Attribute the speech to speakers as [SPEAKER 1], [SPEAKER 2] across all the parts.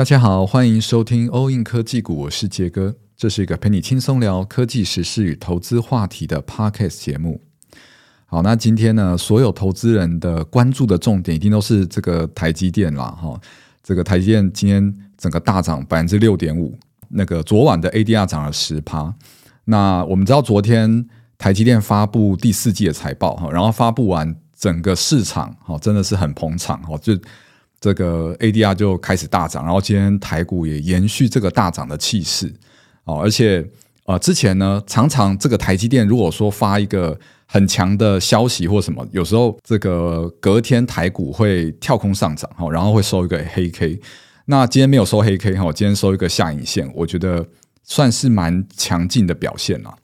[SPEAKER 1] 大家好，歡迎收聽歐 n 科技股，我是傑哥。這是一個陪你輕鬆聊科技實事與投資話題的 podcast 節目。好，那今天呢，所有投資人的關注的重點一定都是這個台積電啦。哈、哦。這個台積電今天整個大漲百分之六點五，那個昨晚的 ADR 漲了十趴。那我們知道，昨天台積電發布第四季的財報哈，然後發布完整個市場哈、哦，真的是很捧場哈、哦，就。這個 ADR 就開始大漲，然後今天台股也延續這個大漲的氣勢哦，而且，呃，之前呢常常這個台積電如果說發一個很強的消息或什麼，有時候這個隔天台股會跳空上漲哦，然後會收一個黑 K，那今天沒有收黑 K 哈，哦，今天收一個下影線，我覺得算是蠻強勁的表現了。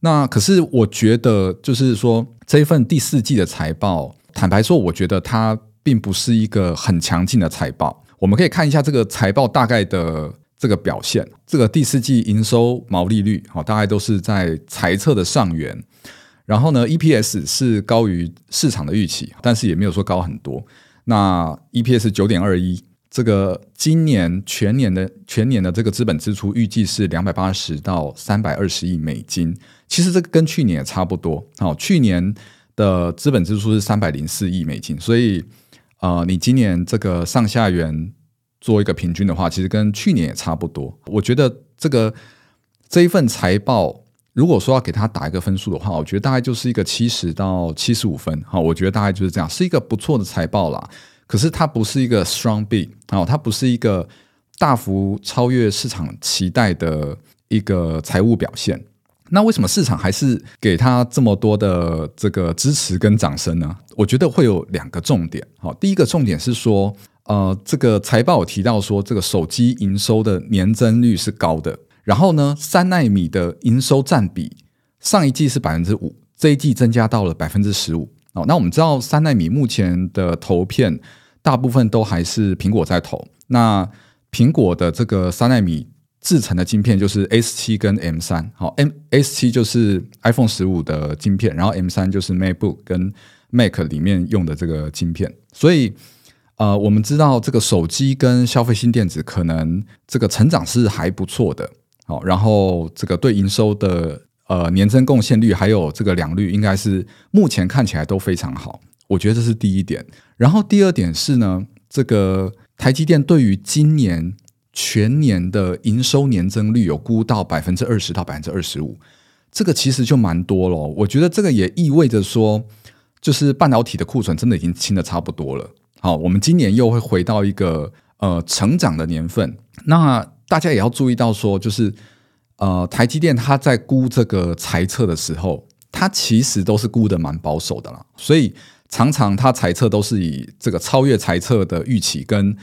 [SPEAKER 1] 那可是我覺得就是說，這一份第四季的財報，坦白說，我覺得它。並不是一個很強勁的財報，我們可以看一下這個財報大概的這個表現。這個第四季營收毛利率，好，大概都是在財測的上緣。然後呢，EPS 是高於市場的預期，但是也沒有說高很多。那 EPS 九點二一，這個今年全年的全年的這個資本支出預計是兩百八十到三百二十億美金。其實這個跟去年也差不多。好，去年的資本支出是三百零四億美金，所以。呃，你今年這個上下緣做一個平均的話，其實跟去年也差不多。我覺得這個這一份財報，如果說要給他打一個分數的話，我覺得大概就是一個七十到七十五分。好、哦，我覺得大概就是這樣，是一個不錯的財報啦。可是它不是一個 strong beat，哦，它不是一個大幅超越市場期待的一個財務表現。那為什麼市場還是給它這麼多的這個支持跟掌聲呢？我覺得會有兩個重點、哦。好，第一個重點是說，呃，這個財報有提到說，這個手機營收的年增率是高的。然後呢，三奈米的營收佔比上一季是百分之五，這一季增加到了百分之十五。哦，那我們知道三奈米目前的投片大部分都還是蘋果在投。那蘋果的這個三奈米。製成的晶片就是 S 七跟 M 三，好 M S 七就是 iPhone 十五的晶片，然後 M 三就是 MacBook 跟 Mac 裡面用的這個晶片，所以呃，我們知道這個手機跟消費性電子可能這個成長是還不錯的，好，然後這個對營收的呃年增貢獻率還有這個兩率，應該是目前看起來都非常好，我覺得這是第一點。然後第二點是呢，這個台積電對於今年。全年的營收年增率有估到百分之二十到百分之二十五，這個其實就蠻多咯。我覺得這個也意味着說，就是半導體的庫存真的已經清得差不多了。好，我們今年又會回到一個呃成長的年份。那大家也要注意到說，就是呃台積電它在估這個財測的時候，它其實都是估得蠻保守的啦。所以常常它財測都是以這個超越財測的預期跟。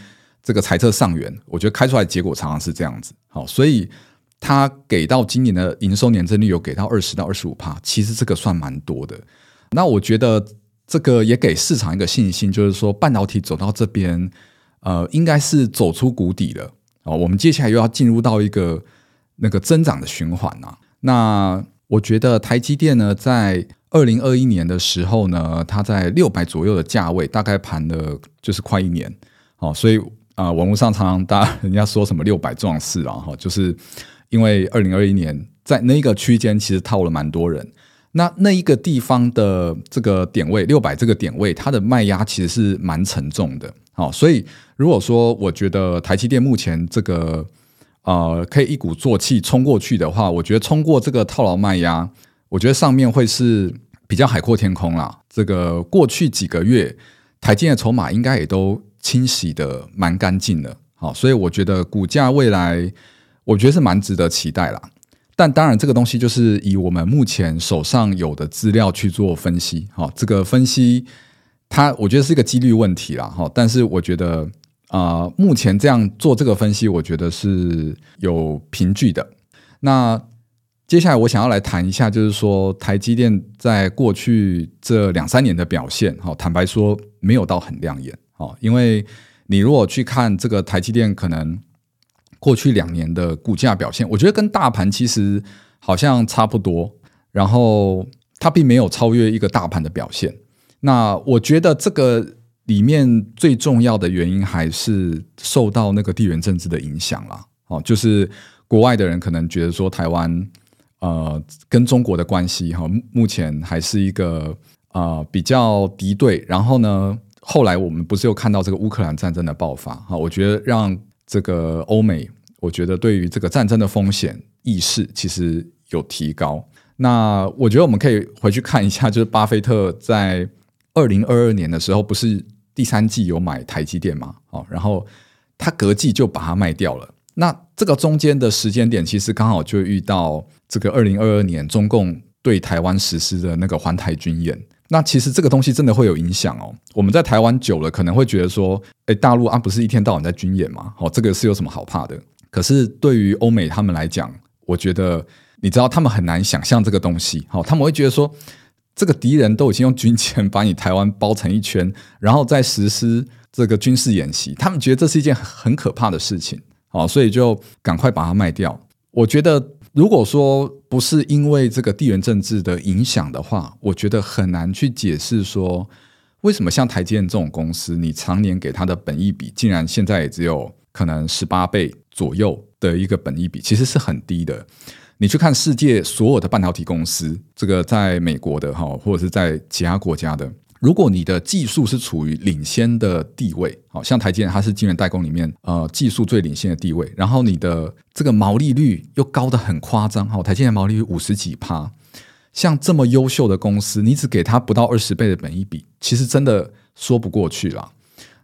[SPEAKER 1] 這個財測上緣，我覺得開出來結果常常是這樣子，好，所以它給到今年的營收年增率有給到二十到二十五帕，其實這個算蠻多的。那我覺得這個也給市場一個信心，就是說半導體走到這邊，呃，應該是走出谷底了，哦，我們接下來又要進入到一個那個增長的循環啊。那我覺得台積電呢，在二零二一年的時候呢，它在六百左右的價位，大概盤了就是快一年，好，所以。啊、呃，網絡上常常大家人家說什麼六百壯士啊，哈，就是因為二零二一年在那一個區間，其實套了蠻多人。那那一個地方的這個點位六百這個點位，它的賣壓其實是蠻沉重的。哈、哦，所以如果說我覺得台積電目前這個呃可以一鼓作氣衝過去的話，我覺得衝過這個套牢賣壓，我覺得上面會是比較海闊天空啦。這個過去幾個月台積電的籌碼應該也都清洗的蠻乾淨的，好，所以我覺得股價未來，我覺得是蠻值得期待啦。但當然，這個東西就是以我們目前手上有的資料去做分析，好，這個分析它，我覺得是一個幾率問題啦，哈。但是我覺得啊、呃，目前這樣做這個分析，我覺得是有憑據的。那接下來我想要來談一下，就是說台積電在過去這兩三年的表現，好，坦白說沒有到很亮眼。哦，因為你如果去看這個台積電，可能過去兩年的股價表現，我覺得跟大盤其實好像差不多。然後它並沒有超越一個大盤的表現。那我覺得這個裡面最重要的原因還是受到那個地緣政治的影響啦。哦，就是國外的人可能覺得說台灣呃跟中國的關係哈，目前還是一個呃比較敵對。然後呢？後來我們不是又看到這個烏克蘭戰爭的爆發哈，我覺得讓這個歐美，我覺得對於這個戰爭的風險意識其實有提高。那我覺得我們可以回去看一下，就是巴菲特在二零二二年的時候不是第三季有買台積電嘛哦，然後他隔季就把它賣掉了。那這個中間的時間點，其實剛好就遇到這個二零二二年中共對台灣實施的那個環台軍演。那其實這個東西真的會有影響哦。我們在台灣久了，可能會覺得說，哎，大陸啊不是一天到晚在軍演嗎？哦，這個是有什麼好怕的？可是對於歐美他們來講，我覺得你知道他們很難想象這個東西，好，他們會覺得說，這個敵人都已經用軍艦把你台灣包成一圈，然後再實施這個軍事演習，他們覺得這是一件很可怕的事情，好，所以就趕快把它賣掉。我覺得。如果說不是因為這個地緣政治的影響的話，我覺得很難去解釋說為什麼像台積電這種公司，你常年給它的本益比竟然現在也只有可能十八倍左右的一個本益比，其實是很低的。你去看世界所有的半導體公司，這個在美國的哈，或者是在其他國家的。如果你的技術是處於領先的地位，好像台積電它是晶圓代工裡面呃技術最領先的地位，然後你的這個毛利率又高得很誇張。台積電毛利率五十幾趴，像這麼優秀的公司，你只給它不到二十倍的本益比，其實真的說不過去了。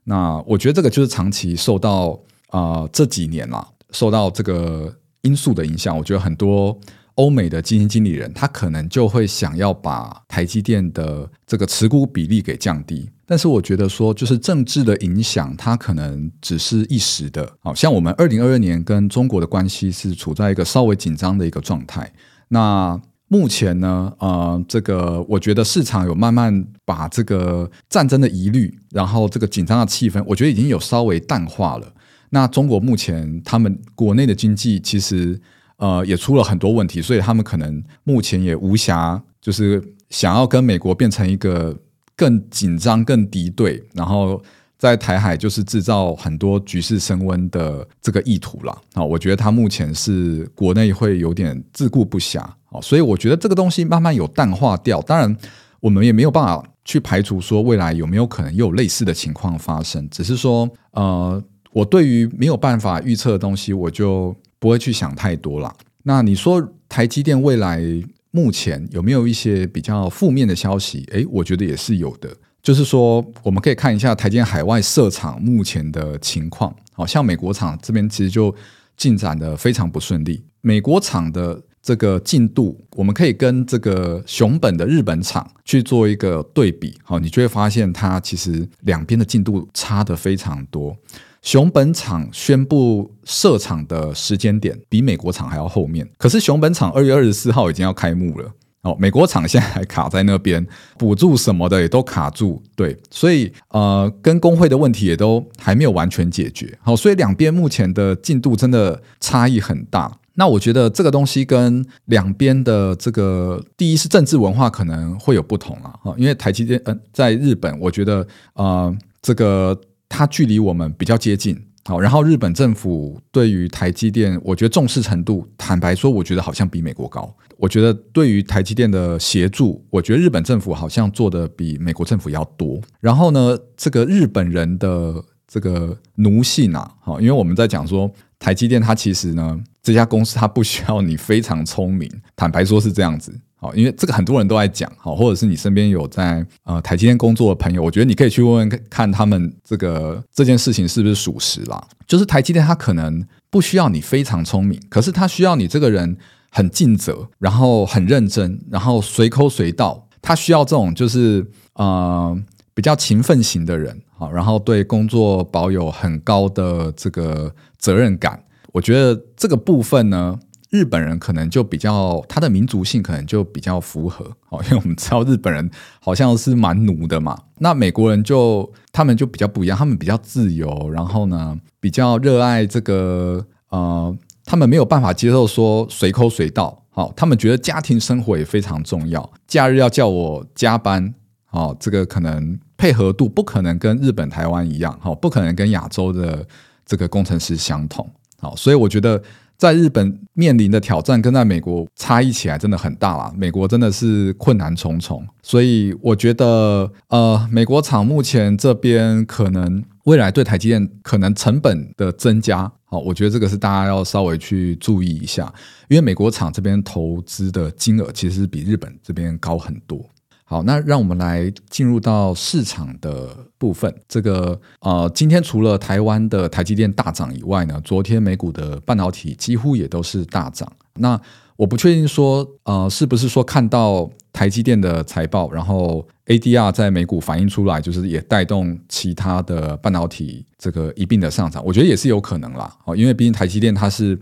[SPEAKER 1] 那我覺得這個就是長期受到啊、呃、這幾年啦受到這個因素的影響，我覺得很多。歐美的基金經理人，他可能就會想要把台積電的這個持股比例給降低。但是我覺得說，就是政治的影響，它可能只是一時的。好像我們二零二二年跟中國的關係是處在一個稍微緊張的一個狀態。那目前呢，呃，這個我覺得市場有慢慢把這個戰爭的疑慮，然後這個緊張的氣氛，我覺得已經有稍微淡化了。那中國目前他們國內的經濟其實。呃，也出了很多問題，所以他們可能目前也無暇，就是想要跟美國變成一個更緊張、更敵對，然後在台海就是製造很多局勢升溫的這個意圖了。啊、哦，我覺得他目前是國內會有點自顧不暇，啊、哦，所以我覺得這個東西慢慢有淡化掉。當然，我們也沒有辦法去排除說未來有沒有可能又有類似的情況發生，只是說，呃，我對於沒有辦法預測的東西，我就，不會去想太多了。那你說台積電未來目前有沒有一些比較負面的消息？誒，我覺得也是有的。就是說，我們可以看一下台積電海外設廠目前的情況。好像美國廠這邊其實就進展得非常不順利。美國廠的這個進度，我們可以跟這個熊本的日本廠去做一個對比。好，你就會發現它其實兩邊的進度差得非常多。熊本廠宣布設廠的時間點比美國廠還要後面，可是熊本廠二月二十四號已經要開幕了。哦，美國廠現在還卡在那邊，補助什麼的也都卡住，對，所以呃，跟工會的問題也都還沒有完全解決。好，所以兩邊目前的進度真的差異很大。那我覺得這個東西跟兩邊的這個第一是政治文化可能會有不同啦。因為台積電嗯在日本，我覺得呃這個。它距離我們比較接近，好，然後日本政府對於台積電，我覺得重視程度，坦白說，我覺得好像比美國高。我覺得對於台積電的協助，我覺得日本政府好像做得比美國政府要多。然後呢，這個日本人的這個奴性啊，好，因為我們在講說台積電，它其實呢，這家公司它不需要你非常聰明，坦白說是這樣子。好，因為這個很多人都在講，或者是你身邊有在呃台積電工作的朋友，我覺得你可以去問問看他們這個這件事情是不是屬實啦。就是台積電，它可能不需要你非常聰明，可是它需要你這個人很盡責，然後很認真，然後隨扣隨到，他需要這種就是呃比較勤奮型的人，好，然後對工作保有很高的這個責任感。我覺得這個部分呢。日本人可能就比較，他的民族性可能就比較符合哦，因為我們知道日本人好像是蠻奴的嘛。那美國人就他們就比較不一樣，他們比較自由，然後呢比較熱愛這個呃，他們沒有辦法接受說隨口隨到。哦，他們覺得家庭生活也非常重要，假日要叫我加班。哦，這個可能配合度不可能跟日本、台灣一樣，好、哦、不可能跟亞洲的這個工程師相同。哦、所以我覺得。在日本面臨的挑戰跟在美國差異起來真的很大了。美國真的是困難重重，所以我覺得，呃，美國廠目前這邊可能未來對台積電可能成本的增加，好，我覺得這個是大家要稍微去注意一下，因為美國廠這邊投資的金額其實比日本這邊高很多。好，那讓我們來進入到市場的部分。這個呃，今天除了台灣的台積電大漲以外呢，昨天美股的半導體幾乎也都是大漲。那我不確定說呃，是不是說看到台積電的財報，然後 ADR 在美股反映出來，就是也帶動其他的半導體這個一併的上漲。我覺得也是有可能啦。哦，因為畢竟台積電它是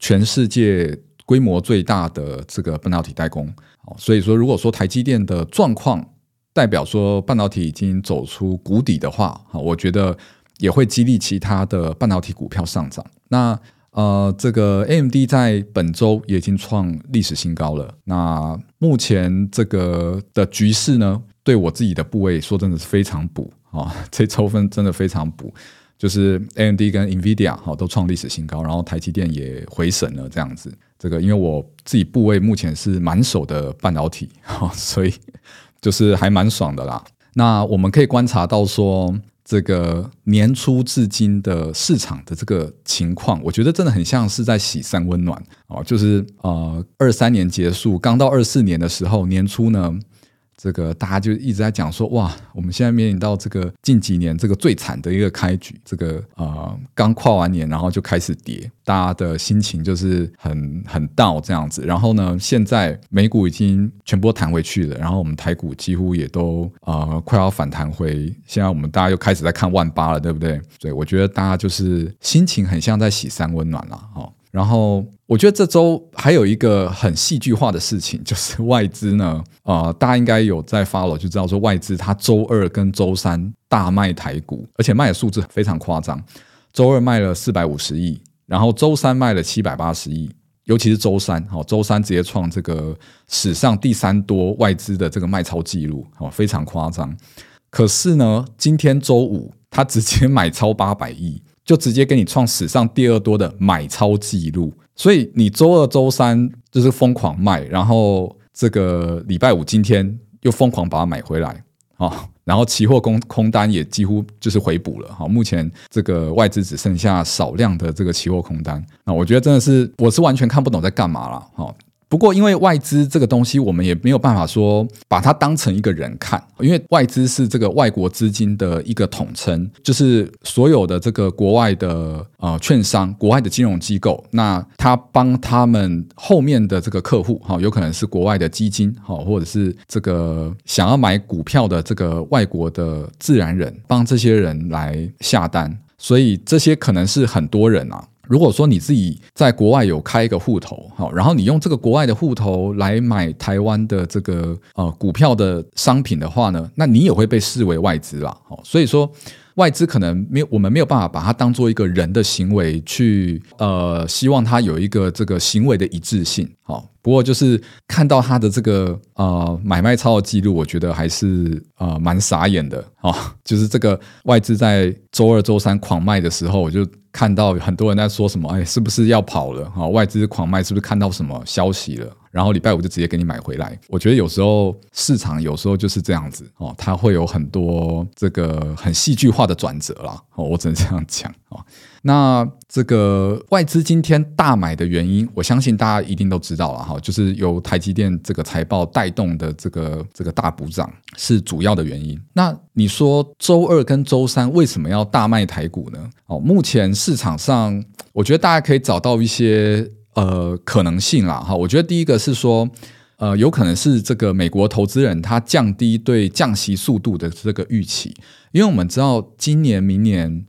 [SPEAKER 1] 全世界規模最大的這個半導體代工。所以說，如果說台積電的狀況代表說半導體已經走出谷底的話，哈，我覺得也會激勵其他的半導體股票上漲。那呃，這個 AMD 在本週也已經創歷史新高了。那目前這個的局勢呢，對我自己的部位說真的是非常補啊，這抽分真的非常補。就是 AMD 跟 NVIDIA 哈都創歷史新高，然後台積電也回神了，這樣子。這個因為我自己部位目前是滿手的半導體啊，所以就是還蠻爽的啦。那我們可以觀察到說，這個年初至今的市場的這個情況，我覺得真的很像是在洗三溫暖啊，就是呃二三年結束，剛到二四年的時候年初呢。這個大家就一直在講說，哇，我們現在面臨到這個近幾年這個最慘的一個開局，這個呃，剛跨完年，然後就開始跌，大家的心情就是很很 down 這樣子。然後呢，現在美股已經全部都彈回去了，然後我們台股幾乎也都呃快要反彈回。現在我們大家又開始在看萬八了，對不對？所以我覺得大家就是心情很像在洗三溫暖啦，哦。然後我覺得這周還有一個很戲劇化的事情，就是外資呢，啊、呃，大家應該有在 follow 就知道說外資他周二跟周三大賣台股，而且賣的數字非常誇張，周二賣了四百五十億，然後周三賣了七百八十億，尤其是周三，好、哦，周三直接創這個史上第三多外資的這個賣超紀錄，好、哦，非常誇張。可是呢，今天周五他直接買超八百億。就直接給你創史上第二多的買超記錄，所以你周二、周三就是瘋狂賣，然後這個禮拜五、今天又瘋狂把它買回來啊，然後期貨空空單也幾乎就是回補了哈，目前這個外資只剩下少量的這個期貨空單啊，我覺得真的是我是完全看不懂在幹嘛了哈。不過，因為外資這個東西，我們也沒有辦法說把它當成一個人看，因為外資是這個外國資金的一個統稱，就是所有的這個國外的呃券商、國外的金融機構，那他幫他們後面的這個客戶，哈，有可能是國外的基金，哈，或者是這個想要買股票的這個外國的自然人，幫這些人來下單，所以這些可能是很多人啊。如果說你自己在國外有開一個戶頭，好，然後你用這個國外的戶頭來買台灣的這個呃股票的商品的話呢，那你也會被視為外資啦。好，所以說外資可能沒有我們沒有辦法把它當做一個人的行為去，呃，希望它有一個這個行為的一致性，好。不過就是看到他的這個呃買賣超的記錄，我覺得還是呃蠻傻眼的哦。就是這個外資在週二、週三狂賣的時候，我就看到很多人在說什麼：“哎，是不是要跑了啊，哦？外資狂賣，是不是看到什麼消息了？”然後禮拜五就直接給你買回來。我覺得有時候市場有時候就是這樣子哦，他會有很多這個很戲劇化的轉折啦。哦。我只能這樣講哦。那這個外資今天大買的原因，我相信大家一定都知道了哈，就是由台積電這個財報帶動的這個這個大補漲是主要的原因。那你說周二跟周三為什麼要大賣台股呢？哦，目前市場上，我覺得大家可以找到一些呃可能性啦哈。我覺得第一個是說，呃，有可能是這個美國投資人他降低對降息速度的這個預期，因為我們知道今年明年。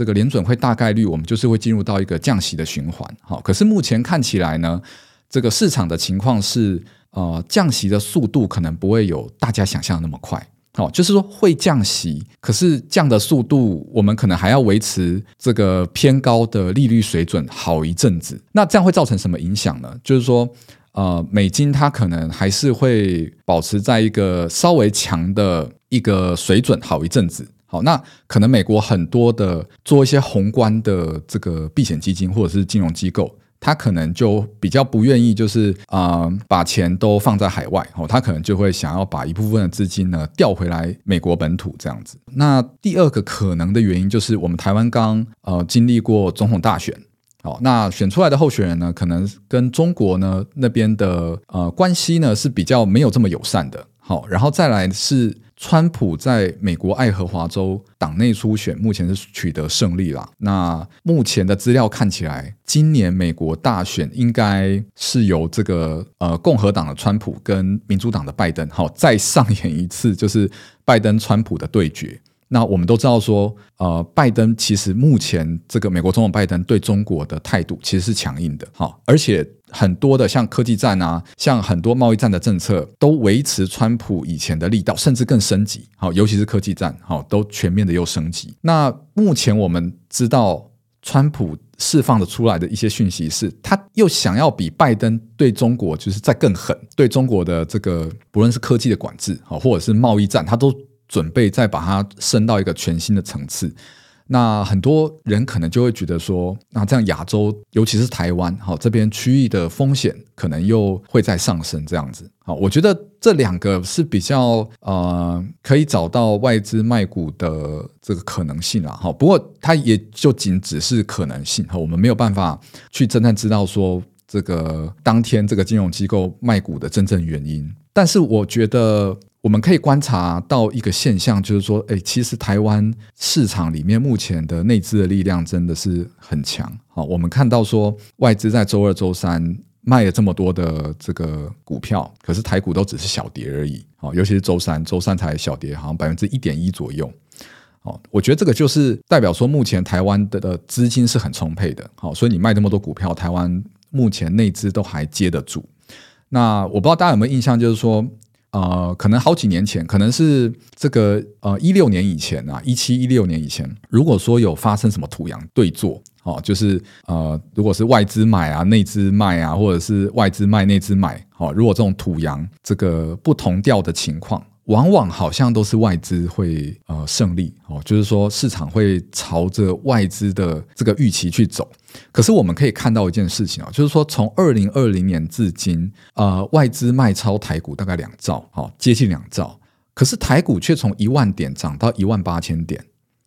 [SPEAKER 1] 這個聯準會大概率，我們就是會進入到一個降息的循環，好、哦，可是目前看起來呢，這個市場的情況是，呃，降息的速度可能不會有大家想象的那麼快，好、哦，就是說會降息，可是降的速度我們可能還要維持這個偏高的利率水準好一陣子，那這樣會造成什麼影響呢？就是說，呃，美金它可能還是會保持在一個稍微強的一個水準好一陣子。好，那可能美國很多的做一些宏觀的這個避險基金或者是金融機構，他可能就比較不願意，就是啊，呃，把錢都放在海外哦，他可能就會想要把一部分的資金呢調回來美國本土這樣子。那第二個可能的原因就是，我們台灣剛呃經歷過總統大選，哦，那選出來的候選人呢，可能跟中國呢那邊的呃關係呢是比較沒有這麼友善的。好，然後再來是，川普在美國愛荷華州黨內初選目前是取得勝利啦。那目前的資料看起來，今年美國大選應該是由這個呃共和黨的川普跟民主黨的拜登好，再上演一次就是拜登川普的對決。那我們都知道說，呃，拜登其實目前這個美國總統拜登對中國的態度其實是強硬的，而且。很多的像科技戰啊，像很多貿易戰的政策都維持川普以前的力道，甚至更升級。好，尤其是科技戰，好，都全面的又升級。那目前我們知道，川普釋放的出來的一些訊息是，他又想要比拜登對中國就是再更狠，對中國的這個不論是科技的管制，好，或者是貿易戰，他都準備再把它升到一個全新的層次。那很多人可能就會覺得說，那這樣亞洲，尤其是台灣，好、哦、這邊區域的風險可能又會再上升，這樣子、哦。我覺得這兩個是比較呃，可以找到外資賣股的這個可能性啦、哦。不過它也就僅只是可能性、哦，我們沒有辦法去真正知道說這個當天這個金融機構賣股的真正原因。但是我覺得。我們可以觀察到一個現象，就是說，誒、哎，其實台灣市場裡面目前的內資的力量真的是很強。好，我們看到說外資在周二、周三賣了這麼多的這個股票，可是台股都只是小跌而已。好，尤其是周三，周三才小跌，好像百分之一點一左右。好，我覺得這個就是代表說，目前台灣的資金是很充沛的。好，所以你賣這麼多股票，台灣目前內資都還接得住。那我不知道大家有沒有印象，就是說，呃，可能好幾年前，可能是這個呃一六年以前啊，一七一六年以前，如果說有發生什麼土洋對作，哦，就是呃，如果是外資買啊，內資賣啊，或者是外資賣內資買，哦，如果這種土洋這個不同調的情況。往往好像都是外資會呃勝利哦，就是說市場會朝着外資的這個預期去走。可是我們可以看到一件事情啊、哦，就是說從二零二零年至今，呃，外資賣超台股大概兩兆，好、哦、接近兩兆。可是台股卻從一萬點漲到一萬八千點，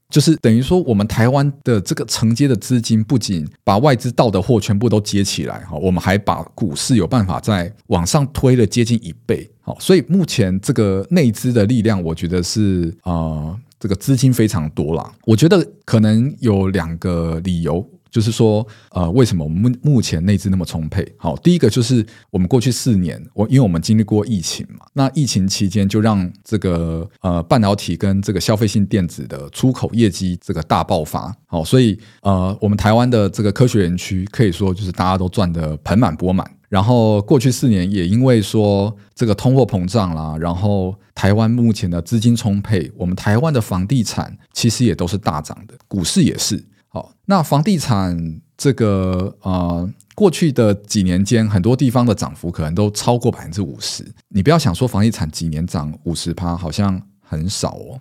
[SPEAKER 1] 就是等於說我們台灣的這個承接的資金不僅把外資倒的貨全部都接起來，哈、哦，我們還把股市有辦法再往上推了接近一倍。好，所以目前這個內資的力量，我覺得是呃，這個資金非常多啦。我覺得可能有兩個理由，就是說，呃，為什麼我們目前內資那麼充沛？好，第一個就是我們過去四年，我因為我們經歷過疫情嘛，那疫情期間就讓這個呃半導體跟這個消費性電子的出口業績這個大爆發。好，所以呃，我們台灣的這個科學園區可以說就是大家都賺得盆滿缽滿。然後過去四年也因為說這個通貨膨脹啦，然後台灣目前的資金充沛，我們台灣的房地產其實也都是大漲的，股市也是。好，那房地產這個呃，過去的幾年間，很多地方的漲幅可能都超過百分之五十。你不要想說房地產幾年漲五十趴，好像很少哦。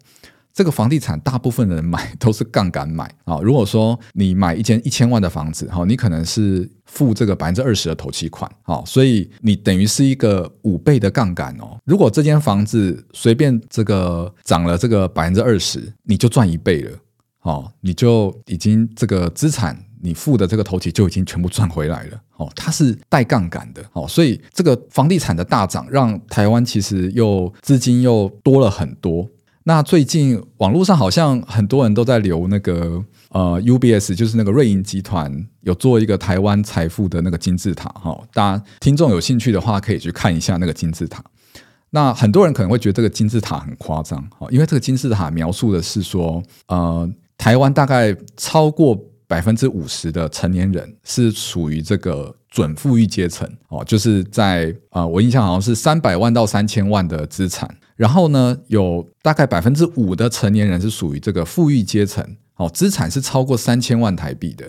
[SPEAKER 1] 這個房地產，大部分的人買都是槓桿買啊、哦。如果說你買一間一千萬的房子，哈、哦，你可能是付這個百分之二十的頭期款、哦，所以你等於是一個五倍的槓桿哦。如果這間房子隨便這個漲了這個百分之二十，你就賺一倍了、哦，你就已經這個資產你付的這個頭期就已經全部賺回來了，哦，它是帶槓桿的，哦、所以這個房地產的大漲，讓台灣其實又資金又多了很多。那最近網絡上好像很多人都在留那個呃，UBS 就是那個瑞銀集團有做一個台灣財富的那個金字塔哈，大家聽眾有興趣的話可以去看一下那個金字塔。那很多人可能會覺得這個金字塔很誇張哦，因為這個金字塔描述的是說，呃，台灣大概超過百分之五十的成年人是屬於這個準富裕階層哦，就是在啊、呃，我印象好像是三百萬到三千萬的資產。然後呢，有大概百分之五的成年人是屬於這個富裕階層，哦，資產是超過三千萬台幣的。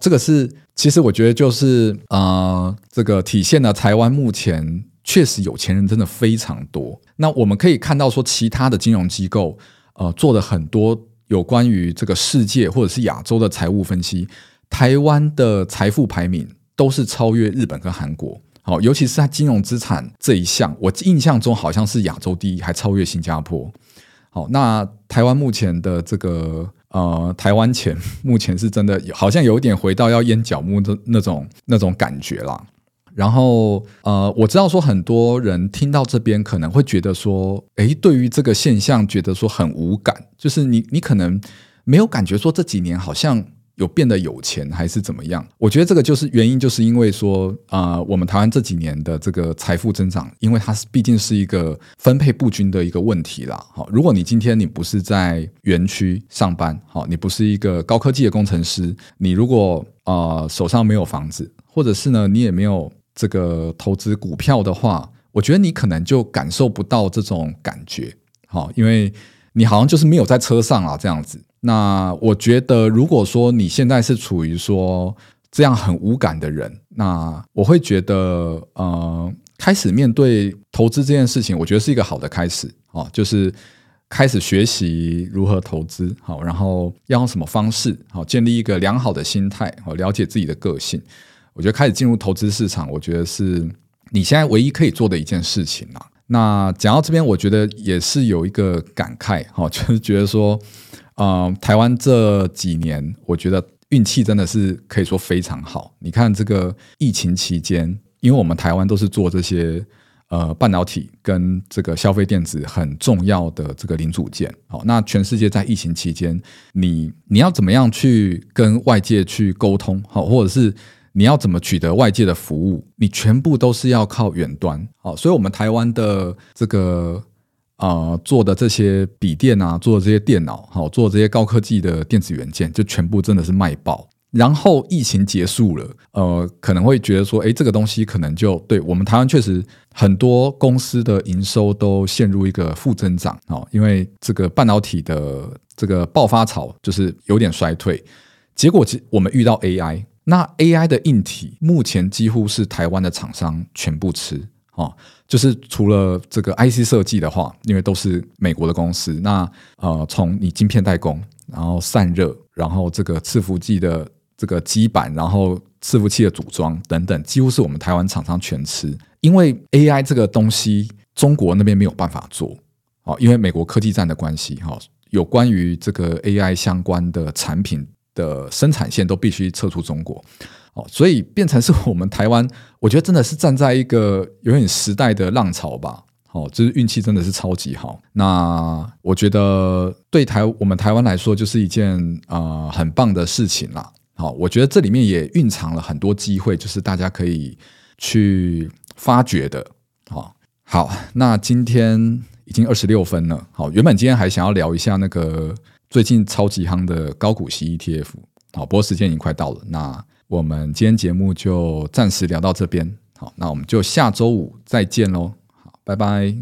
[SPEAKER 1] 這個是，其實我覺得就是，呃，這個體現了台灣目前確實有錢人真的非常多。那我們可以看到說，其他的金融機構，呃，做的很多有關於這個世界或者是亞洲的財務分析，台灣的財富排名都是超越日本和韓國。好，尤其是它金融資產這一項，我印象中好像是亞洲第一，還超越新加坡。好，那台灣目前的這個呃，台灣錢目前是真的，好像有點回到要淹腳目的那種那種感覺啦。然後呃，我知道說很多人聽到這邊可能會覺得說，誒、欸，對於這個現象覺得說很無感，就是你你可能沒有感覺說這幾年好像。有變得有錢還是怎麼樣？我覺得這個就是原因，就是因為說啊、呃，我們台灣這幾年的這個財富增長，因為它畢竟是一個分配不均的一個問題啦。好、哦，如果你今天你不是在園區上班，好、哦，你不是一個高科技的工程師，你如果啊、呃，手上沒有房子，或者是呢你也沒有這個投資股票的話，我覺得你可能就感受不到這種感覺，好、哦，因為你好像就是沒有在車上啊這樣子。那我覺得，如果說你現在是處於說這樣很無感的人，那我會覺得，呃，開始面對投資這件事情，我覺得是一個好的開始哦，就是開始學習如何投資，好，然後要用什麼方式，好，建立一個良好的心態，好，了解自己的個性。我覺得開始進入投資市場，我覺得是你現在唯一可以做的一件事情。那講到這邊，我覺得也是有一個感慨，哈，就是覺得說。呃，台灣這幾年，我覺得運氣真的是可以說非常好。你看這個疫情期間，因為我們台灣都是做這些呃，半導體跟這個消費電子很重要的這個零組件，好，那全世界在疫情期間，你你要怎麼樣去跟外界去溝通，好，或者是你要怎麼取得外界的服務，你全部都是要靠遠端，好，所以，我們台灣的這個。啊、呃，做的這些筆電啊，做的這些電腦，哈、哦，做的這些高科技的電子元件，就全部真的是賣爆。然後疫情結束了，呃，可能會覺得說，哎，這個東西可能就對我們台灣確實很多公司的營收都陷入一個負增長哈、哦，因為這個半導體的這個爆發潮就是有點衰退。結果，其我們遇到 AI，那 AI 的硬體目前幾乎是台灣的廠商全部吃。哦，就是除了這個 IC 設計的話，因為都是美國的公司，那呃，從你晶片代工，然後散熱，然後這個伺服器的這個基板，然後伺服器的組裝等等，幾乎是我們台灣廠商全吃，因為 AI 這個東西中國那邊沒有辦法做，哦，因為美國科技戰的關係，哈，有關於這個 AI 相關的產品，的生產線都必須撤出中國，哦，所以變成是我們台灣，我覺得真的是站在一個有點時代的浪潮吧，哦，就是運氣真的是超級好。那我覺得對台我們台灣來說，就是一件啊、呃、很棒的事情啦，好，我覺得這裡面也蘊藏了很多機會，就是大家可以去發掘的，好好，那今天已經二十六分了，好，原本今天還想要聊一下那個。最近超級夯的高股息 ETF，好，不過時間已經快到了，那我們今天節目就暫時聊到這邊，好，那我們就下周五再見囉，好，拜拜。